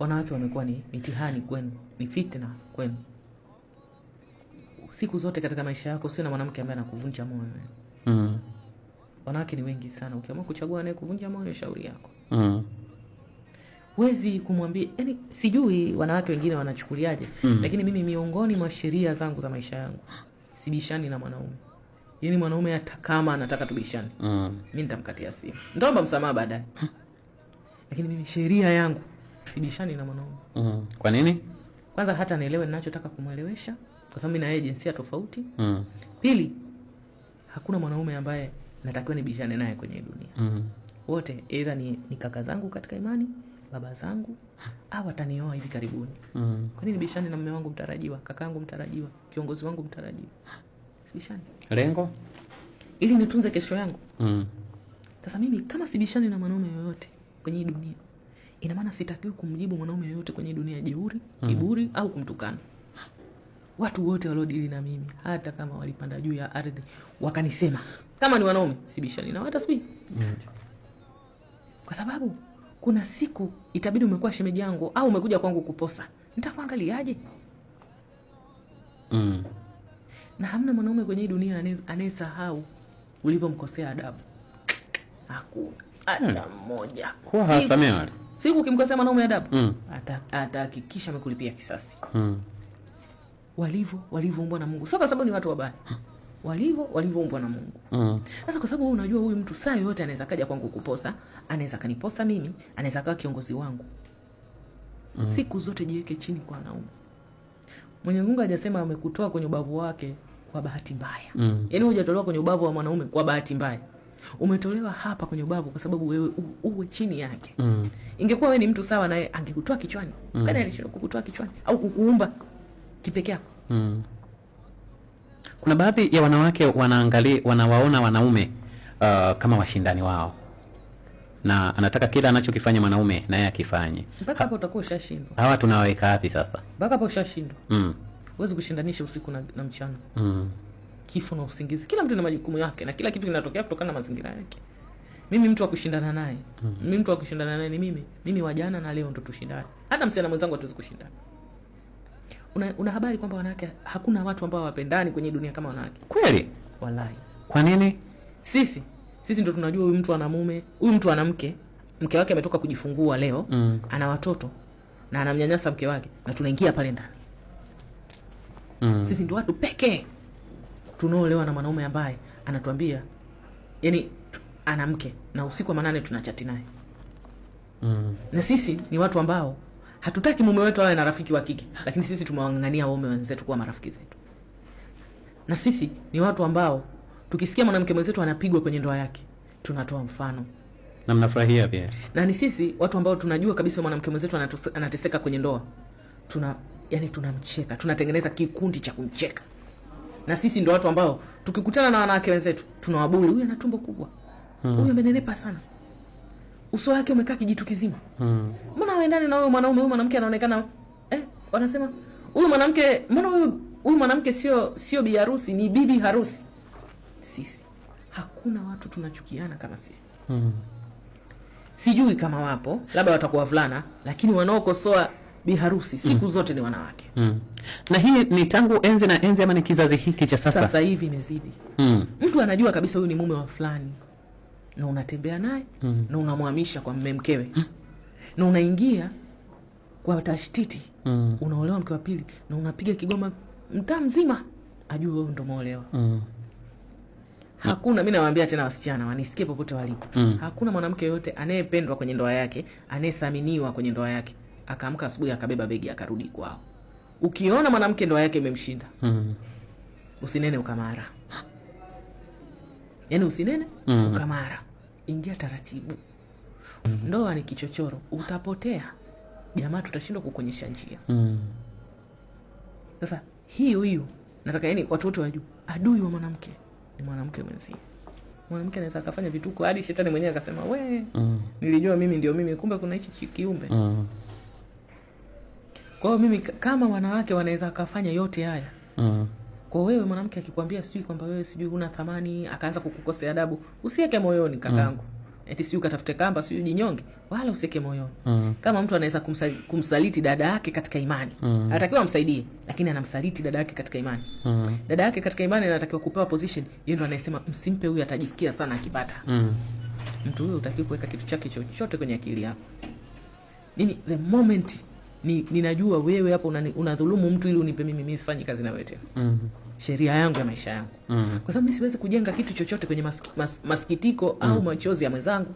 wanawake wamekuwa ni mitihani kwenu, ni fitna kwenu siku zote katika maisha yako. Sio na mwanamke ambaye anakuvunja moyo mm. Wanawake ni wengi sana, ukiamua kuchagua naye kuvunja moyo, shauri yako mm. wezi kumwambia yani, sijui wanawake wengine wanachukuliaje mm. Lakini mimi miongoni mwa sheria zangu za maisha yangu sibishani na mwanaume yani, mwanaume hata kama anataka tubishani mm. mi nitamkatia simu, nitaomba msamaha baadaye, lakini mimi sheria yangu sibishani na mwanaume mm. Kwa nini? Kwanza hata nielewe ninachotaka kumwelewesha, kwa sababu mimi jinsia tofauti mm. Pili, hakuna mwanaume ambaye natakiwa nibishane naye kwenye dunia mm. Wote either ni, ni kaka zangu katika imani, baba zangu au atanioa hivi karibuni mm. Kwa nini na mume wangu mtarajiwa, yangu mtarajiwa, kiongozi wangu mtarajiwa? Sibishani. Lengo ili nitunze kesho yangu. Sasa mm. mimi kama sibishani na mwanaume yoyote kwenye hii dunia ina maana sitakiwi kumjibu mwanaume yoyote kwenye dunia jeuri, mm. kiburi mm. au kumtukana. Watu wote waliodili na mimi, hata kama walipanda juu ya ardhi wakanisema kama ni wanaume, sibishani nao hata mm. kwa sababu kuna siku itabidi umekuwa shemeji yangu au umekuja kwangu kuposa, ntakuangaliaje mm. na hamna mwanaume kwenye dunia anayesahau ulivyomkosea adabu, hakuna hata hmm. mmoja. Huwa hawasamehe wale siku ukimkosea mwanaume adabu mm. atahakikisha ata, amekulipia kisasi mm. walivyo walivyoumbwa na Mungu, sio kwa sababu ni watu wabaya mm. walivyo walivyoumbwa na Mungu mm. Sasa kwa sababu wewe unajua huyu mtu saa yoyote anaweza kaja kwangu kuposa, anaweza kaniposa mimi, anaweza kawa kiongozi wangu mm. siku zote jiweke chini kwa wanaume. mwenye Mungu hajasema amekutoa kwenye ubavu wake kwa bahati mbaya mm. yaani hujatolewa kwenye ubavu wa mwanaume kwa bahati mbaya umetolewa hapa kwenye ubavu kwa sababu wewe uwe chini yake. mm. Ingekuwa wewe ni mtu sawa naye angekutoa kichwani. mm. Kani alishindwa kukutoa kichwani au kukuumba kipekee yako? mm. Kuna baadhi ya wanawake wanaangalia, wanawaona wanaume uh, kama washindani wao na anataka kila anachokifanya mwanaume naye akifanye. Mpaka hapo utakuwa ushashindwa. Hawa tunawaweka wapi sasa? Mpaka hapo ushashindwa. mm. uwezi kushindanisha usiku na, na mchana. mm kifo na usingizi. Kila mtu na majukumu yake na kila kitu kinatokea kutokana na mazingira yake. Mimi mtu wa kushindana naye. Mm -hmm. Mimi mtu wa kushindana naye ni mimi. Mimi wajana na leo ndo tushindane. Hata msichana mwenzangu hatuwezi kushindana. Una, una habari kwamba wanawake hakuna watu ambao wapendani kwenye dunia kama wanawake. Kweli? walai Kwa nini? Sisi sisi ndo tunajua huyu mtu ana mume, huyu mtu ana mke. Mke wake ametoka kujifungua leo, mm. ana watoto na anamnyanyasa mke wake na tunaingia pale ndani. Mm. Sisi ndo watu pekee tunaolewa na mwanaume ambaye anatuambia yani ana mke na usiku wa manane tunachati naye mm. na sisi ni watu ambao hatutaki mume wetu awe na rafiki wa kike, lakini sisi tumewang'ang'ania waume wenzetu kuwa marafiki zetu, na sisi ni watu ambao tukisikia mwanamke mwenzetu anapigwa kwenye ndoa yake tunatoa mfano na mnafurahia pia, na ni sisi watu ambao tunajua kabisa mwanamke mwenzetu anateseka kwenye ndoa, tuna yani tunamcheka, tunatengeneza kikundi cha kumcheka na sisi ndo watu ambao tukikutana na wanawake wenzetu tunawabuli, huyu ana tumbo kubwa, hmm. huyu amenenepa sana, uso wake umekaa kijitu kizima, hmm. mbona waendane na huyo mwanaume? Huyu mwanamke anaonekana eh, wanasema huyu mwanamke, mbona huyu huyu mwanamke sio sio bi harusi, ni bibi harusi. Sisi hakuna watu tunachukiana kama sisi hmm. Sijui kama wapo, labda watakuwa vulana, lakini wanaokosoa biharusi siku mm. zote ni wanawake mm. na hii ni tangu enzi na enzi ama ni kizazi hiki cha sasa? Sasa hivi imezidi mm. mtu anajua kabisa huyu ni mume wa fulani na unatembea naye mm. na unamhamisha kwa mme mkewe mm. na unaingia kwa tashtiti mm. unaolewa mke wa pili na unapiga kigoma mtaa mzima ajue wewe ndo umeolewa mm. Hakuna, mi nawaambia tena wasichana wanisikie popote walipo mm. hakuna mwanamke yoyote anayependwa kwenye ndoa yake anayethaminiwa kwenye ndoa yake akaamka asubuhi akabeba begi akarudi kwao. Ukiona mwanamke ndoa yake imemshinda mm. hmm usinene ukamara, yaani usinene mm. hmm ukamara, ingia taratibu mm. hmm ndoa ni kichochoro, utapotea jamaa, tutashindwa kukuonyesha njia mm. Sasa hiyo hiyo nataka yani watu wote wajue, adui wa mwanamke ni mwanamke mwenzie. Mwanamke anaweza akafanya vituko hadi shetani mwenyewe akasema we mm. nilijua mimi ndio mimi, kumbe kuna hichi kiumbe mm. Kwa hiyo mimi kama wanawake wanaweza akafanya yote haya mm. Kwa wewe mwanamke akikwambia sijui kwamba wewe sijui huna thamani, akaanza kukukosea adabu, usiweke moyoni kakangu mm. Eti sijui katafute kamba siu jinyonge, wala usieke moyoni mm. Kama mtu anaweza kumsaliti, kumsaliti dada yake katika imani mm. Anatakiwa amsaidie, lakini anamsaliti dada yake katika imani mm. Dada yake katika imani anatakiwa kupewa position, ye ndo anayesema msimpe huyu, atajisikia sana akipata mm. Mtu huyo utakiwa kuweka kitu chake chochote kwenye akili yako. Mimi yaani, the moment ni, ninajua wewe hapo unadhulumu una mtu ili unipe mimi, mimi sifanyi kazi na wewe tena mm -hmm. sheria yangu ya maisha yangu mm -hmm. kwa sababu mimi siwezi kujenga kitu chochote kwenye mas, mas, masikitiko mm -hmm. au mhm. machozi ya mwenzangu.